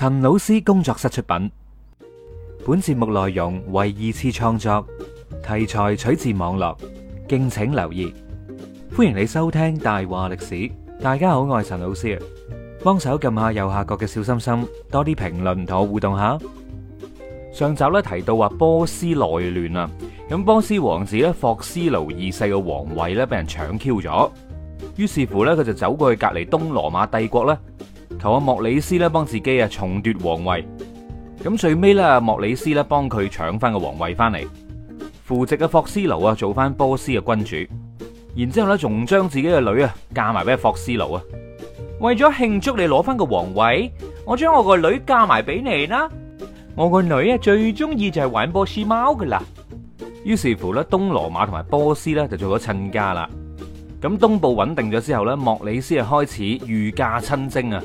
陳老師工作室出品，本節目內容為二次創作，題材取自網絡，敬請留意。歡迎你收聽大話歷史。大家好，我係陳老師啊，幫手撳下右下角嘅小心心，多啲評論同我互動下。上集咧提到話波斯內亂啊，咁波斯王子呢，霍斯勞二世嘅皇位咧俾人搶 Q 咗，於是乎咧佢就走過去隔籬東羅馬帝國啦。求阿莫里斯咧幫自己啊重奪皇位，咁最尾咧莫里斯咧幫佢搶翻個皇位翻嚟，扶植阿霍斯奴啊做翻波斯嘅君主，然之後咧仲將自己嘅女啊嫁埋俾霍斯奴。啊，為咗慶祝你攞翻個皇位，我將我個女嫁埋俾你啦，我個女啊最中意就係玩波斯貓噶啦，於是乎咧東羅馬同埋波斯咧就做咗親家啦，咁東部穩定咗之後咧，莫里斯啊開始御駕親征啊。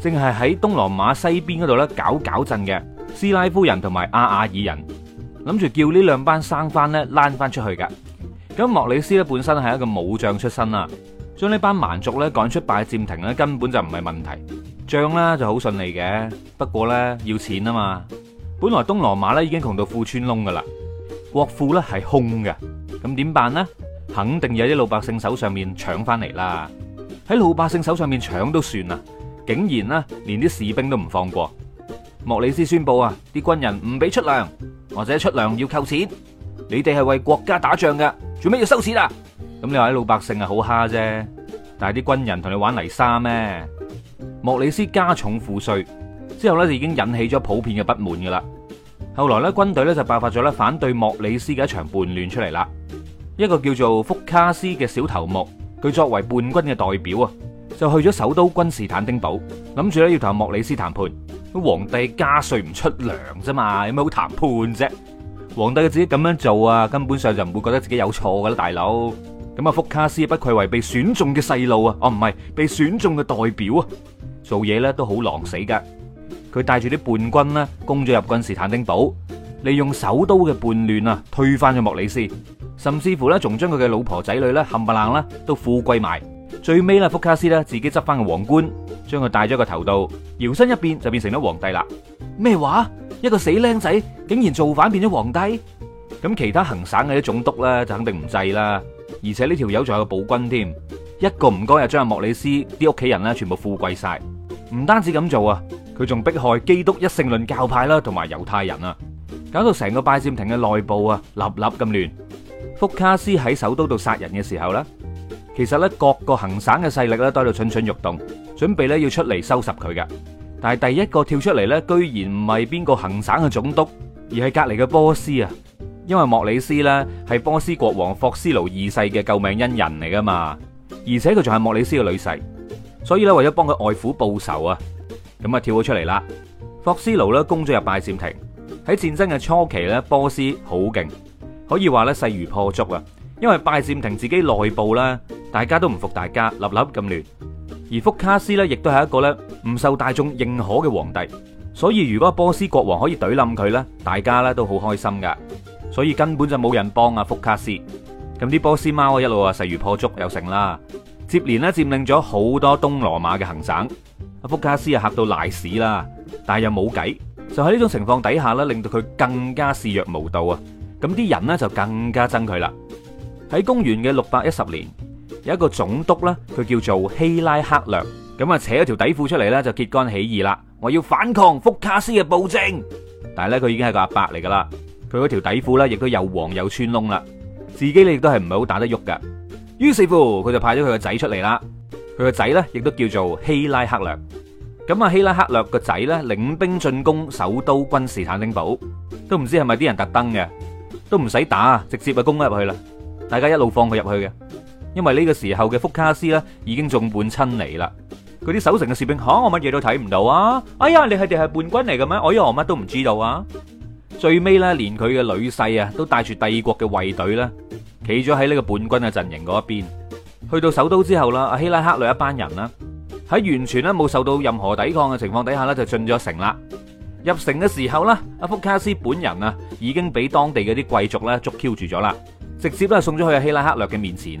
正係喺東羅馬西邊嗰度咧搞搞震嘅斯拉夫人同埋阿亞爾人，諗住叫呢兩班生翻咧，拉翻出去噶。咁莫里斯咧本身係一個武將出身啦，將呢班蠻族咧趕出拜占庭咧，根本就唔係問題，仗咧就好順利嘅。不過咧要錢啊嘛，本來東羅馬咧已經窮到富穿窿噶啦，國庫咧係空嘅，咁點辦呢？肯定有啲老百姓手上面搶翻嚟啦，喺老百姓手上面搶都算啊！竟然咧，連啲士兵都唔放過。莫里斯宣布啊，啲軍人唔俾出糧，或者出糧要扣錢。你哋係為國家打仗嘅，做咩要收錢啊？咁你話啲老百姓係好蝦啫，但係啲軍人同你玩泥沙咩？莫里斯加重賦稅之後呢就已經引起咗普遍嘅不滿噶啦。後來呢，軍隊呢就爆發咗咧反對莫里斯嘅一場叛亂出嚟啦。一個叫做福卡斯嘅小頭目，佢作為叛軍嘅代表啊。就去咗首都君士坦丁堡，諗住咧要同莫里斯談判。皇帝加稅唔出糧啫嘛，有咩好談判啫？皇帝自己咁樣做啊，根本上就唔會覺得自己有錯噶啦，大佬。咁啊，福卡斯不愧為被選中嘅細路啊，哦唔係，被選中嘅代表啊，做嘢咧都好狼死噶。佢帶住啲叛軍咧，攻咗入君士坦丁堡，利用首都嘅叛亂啊，推翻咗莫里斯，甚至乎咧仲將佢嘅老婆仔女咧冚唪唥啦都富貴埋。最尾啦，福卡斯啦，自己執翻個皇冠，將佢戴咗個頭度，搖身一變就變成咗皇帝啦！咩話？一個死僆仔竟然造反變咗皇帝？咁其他行省嘅啲總督咧就肯定唔制啦，而且呢條友仲有個暴君添，一個唔該又將阿莫里斯啲屋企人咧全部富貴晒，唔單止咁做啊，佢仲迫害基督一性論教派啦，同埋猶太人啊，搞到成個拜占庭嘅內部啊，立立咁亂。福卡斯喺首都度殺人嘅時候咧。其實咧，各個行省嘅勢力咧，都喺度蠢蠢欲動，準備咧要出嚟收拾佢嘅。但係第一個跳出嚟咧，居然唔係邊個行省嘅總督，而係隔籬嘅波斯啊。因為莫里斯咧係波斯國王霍斯勞二世嘅救命恩人嚟噶嘛，而且佢仲係莫里斯嘅女婿，所以咧為咗幫佢外父報仇啊，咁啊跳咗出嚟啦。霍斯勞咧攻咗入拜占庭，喺戰爭嘅初期咧，波斯好勁，可以話咧勢如破竹啊。因為拜占庭自己內部咧。大家都唔服大家，粒粒咁亂。而福卡斯呢，亦都係一個呢唔受大眾認可嘅皇帝。所以如果波斯國王可以懟冧佢呢，大家呢都好開心噶。所以根本就冇人幫阿福卡斯。咁啲波斯貓啊，一路啊勢如破竹又成啦，接連呢佔領咗好多東羅馬嘅行省。阿福卡斯啊嚇到賴屎啦，但係又冇計。就喺呢種情況底下呢，令到佢更加肆虐無道啊。咁啲人呢，就更加憎佢啦。喺公元嘅六百一十年。有一個總督咧，佢叫做希拉克略，咁啊扯咗條底褲出嚟咧，就揭竿起義啦，話要反抗福卡斯嘅暴政。但係咧佢已經係個阿伯嚟噶啦，佢嗰條底褲咧亦都又黃又穿窿啦，自己咧亦都係唔係好打得喐噶。於是乎佢就派咗佢個仔出嚟啦，佢個仔咧亦都叫做希拉克略。咁啊希拉克略個仔咧領兵進攻首都君士坦丁堡，都唔知係咪啲人特登嘅，都唔使打，直接就攻入去啦，大家一路放佢入去嘅。因為呢個時候嘅福卡斯咧已經眾叛親離啦。佢啲守城嘅士兵，吓、啊、我乜嘢都睇唔到啊！哎呀，你係定係叛軍嚟嘅咩？我以為我乜都唔知道啊！最尾咧，連佢嘅女婿啊，都帶住帝國嘅衛隊咧，企咗喺呢個叛軍嘅陣營嗰一邊。去到首都之後啦，希拉克略一班人啦，喺完全咧冇受到任何抵抗嘅情況底下咧，就進咗城啦。入城嘅時候啦，阿福卡斯本人啊，已經俾當地嘅啲貴族咧捉 Q 住咗啦，直接都係送咗去阿希拉克略嘅面前。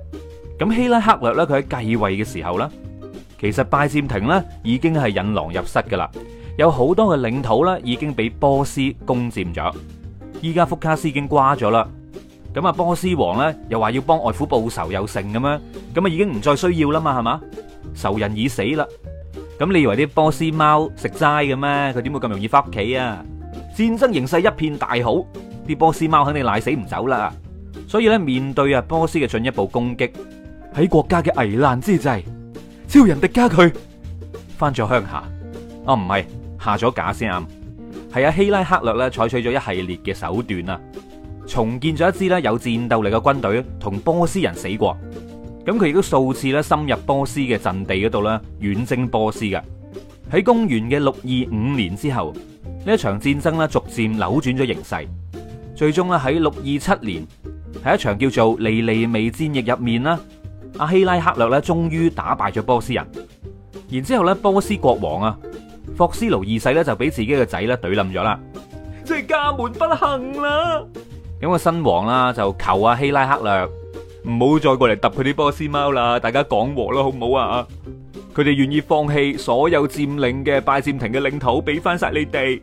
咁希拉克略咧，佢喺繼位嘅時候啦，其實拜占庭咧已經係引狼入室噶啦，有好多嘅領土咧已經俾波斯攻占咗。依家福卡斯已經瓜咗啦，咁啊波斯王咧又話要幫外父報仇又成咁樣，咁啊已經唔再需要啦嘛，係嘛，仇人已死啦。咁你以為啲波斯貓食齋嘅咩？佢點會咁容易翻屋企啊？戰爭形勢一片大好，啲波斯貓肯定賴死唔走啦。所以咧，面對啊波斯嘅進一步攻擊。喺國家嘅危難之際，超人迪加佢翻咗鄉下，哦，唔係下咗架先啊。係啊，希拉克略咧採取咗一系列嘅手段啊，重建咗一支咧有戰鬥力嘅軍隊，同波斯人死過咁。佢亦都數次咧深入波斯嘅陣地嗰度咧，遠征波斯嘅。喺公元嘅六二五年之後呢一場戰爭咧逐漸扭轉咗形勢，最終咧喺六二七年喺一場叫做尼尼微戰役入面啦。阿希拉克略咧，終於打敗咗波斯人，然之後咧，波斯國王啊，霍斯勞二世咧就俾自己嘅仔咧懟冧咗啦，即係家門不幸啦。咁個新王啦就求阿希拉克略唔好再過嚟揼佢啲波斯貓啦，大家講和啦，好唔好啊？佢哋願意放棄所有佔領嘅拜占庭嘅領土，俾翻晒你哋。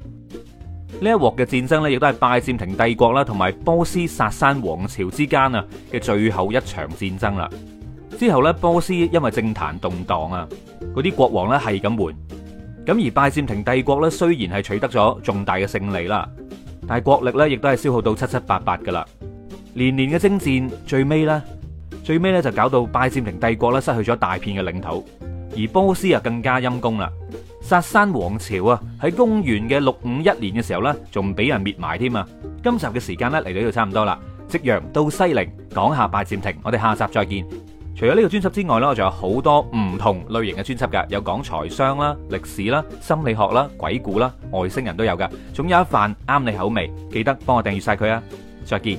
呢一鑊嘅戰爭咧，亦都係拜占庭帝國啦，同埋波斯薩珊王朝之間啊嘅最後一場戰爭啦。之後咧，波斯因為政壇動盪啊，嗰啲國王咧係咁換。咁而拜占庭帝國咧，雖然係取得咗重大嘅勝利啦，但係國力咧亦都係消耗到七七八八噶啦。年年嘅征戰，最尾咧，最尾咧就搞到拜占庭帝國咧失去咗大片嘅領土，而波斯啊更加陰功啦，薩珊王朝啊喺公元嘅六五一年嘅時候咧，仲俾人滅埋添啊！今集嘅時間咧嚟到呢度差唔多啦，夕陽到西陵，講下拜占庭，我哋下集再見。除咗呢個專輯之外呢，我仲有好多唔同類型嘅專輯噶，有講財商啦、歷史啦、心理學啦、鬼故啦、外星人都有噶，總有一份啱你口味。記得幫我訂閱晒佢啊！再見。